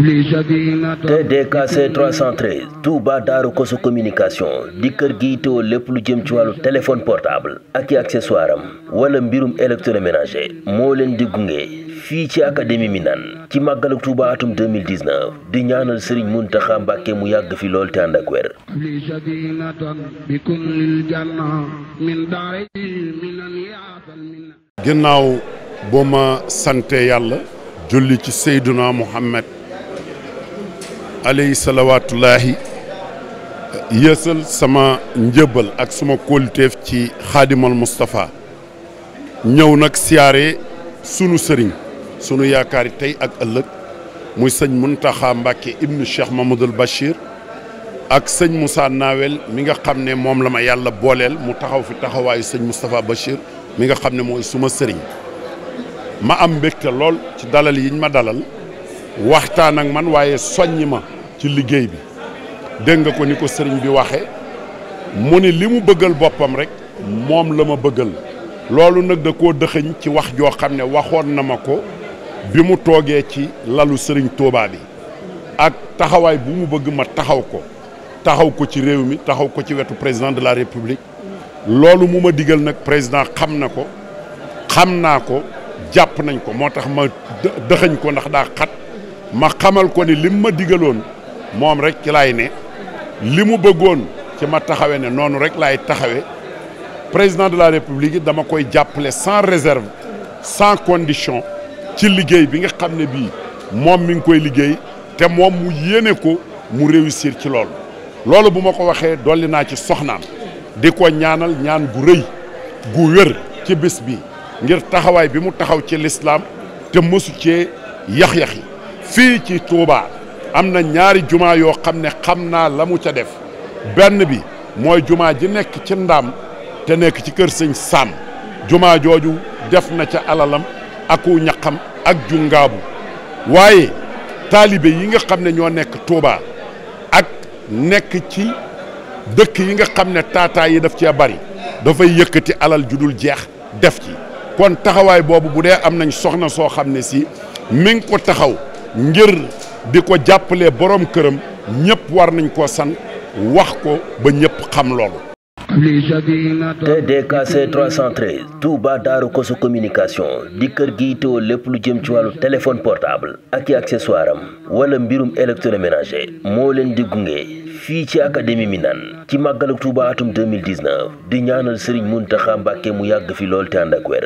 TDKC 313 Touba Daaru Koso communication di kër gi teewoo lépp lu jëm ci wàllu téléphone portable ak i accessoire am wala mbirum électroménager moo leen di gunge fii ci académie Minane ci màggaluk Touba atum 2019 di ñaanal Serigne Mountakha Mbacké mu yàgg fi lool te ànd ak wér. ginnaaw ma sante yàlla julli ci Seyduna Muhammad alayhi salawaatullaahi yësal sama njëbal ak suma kóoluteef ci xaadimal Moustapha ñëw nag siyaare sunu sëriñ sunu yaakaari tey ak ëllëg muy sëñ Muntaxa Mbàkke ibnu Cheikh Mamadul Bachir ak sëñ Moussa Nawel mi nga xam ne moom la ma yàlla booleel mu taxaw fi taxawaayu sëñ Moustapha Bachir mi nga xam ne mooy suma sëriñ ma am mbégte lool ci dalal yiñ ma dalal waxtaan ak man waaye soññi ma ci liggéey bi dégg nga ko ni ko sëriñ bi waxe mu ni li mu bëggal boppam rek moom la ma bëggal loolu nag da koo dëxëñ ci wax joo xam ne waxoon na ma ko bi mu toogee ci lalu sëriñ Touba bi ak taxawaay bi mu bëgg ma taxaw ko taxaw ko ci réew mi taxaw ko ci wetu président de la république loolu mu ma digal nag président xam na ko xam naa ko jàpp nañ ko moo tax ma dëxëñ ko ndax daa xat ma xamal ko ni lim ma digaloon moom rek ci laay ne li mu bëggoon ci ma taxawe ne noonu rek laay taxawe président de la république dama koy jàppale sans réserve sans condition ci liggéey bi nga xam ne bii moom mi ngi koy liggéey te moom mu yéene ko mu réussir ci loolu loolu bu ma ko waxee dolli naa ci soxnaam di ko ñaanal ñaan gu rëy gu wér ci bis bi ngir taxawaay bi mu taxaw ci lislaam te mësu cee yax-yax yi fii ci Touba am na ñaari jumaa yoo xam ne xam naa lamu ca def benn bi mooy jumaa ji nekk ci ndaam te nekk ci kër sëñ Sam juma jooju def na ca alalam aku ñaqam ak jungaabu waaye taalibe yi nga xam ne ñoo nekk Touba ak nekk ci dëkk yi nga xam ne taataa yi def cee bari dafay yëkkati alal ju dul jeex def ci kon taxawaay boobu bu dee am nañ soxna soo xam ne si mi ko taxaw ngir di ko jàppale borom këram ñëpp war nañ koo san wax ko ba ñëpp xam loolu TDKC e 313 Touba Daaru Koso communication di kër gi teewoo lépp lu jëm ci wàllu téléphone portable ak i accessoire am wala mbirum électroménager moo leen di gunge fii ci académie Minane ci màggalu Touba atum 2019 di ñaanal Serigne Mountakha Mbacké mu yàgg fi lool te ànd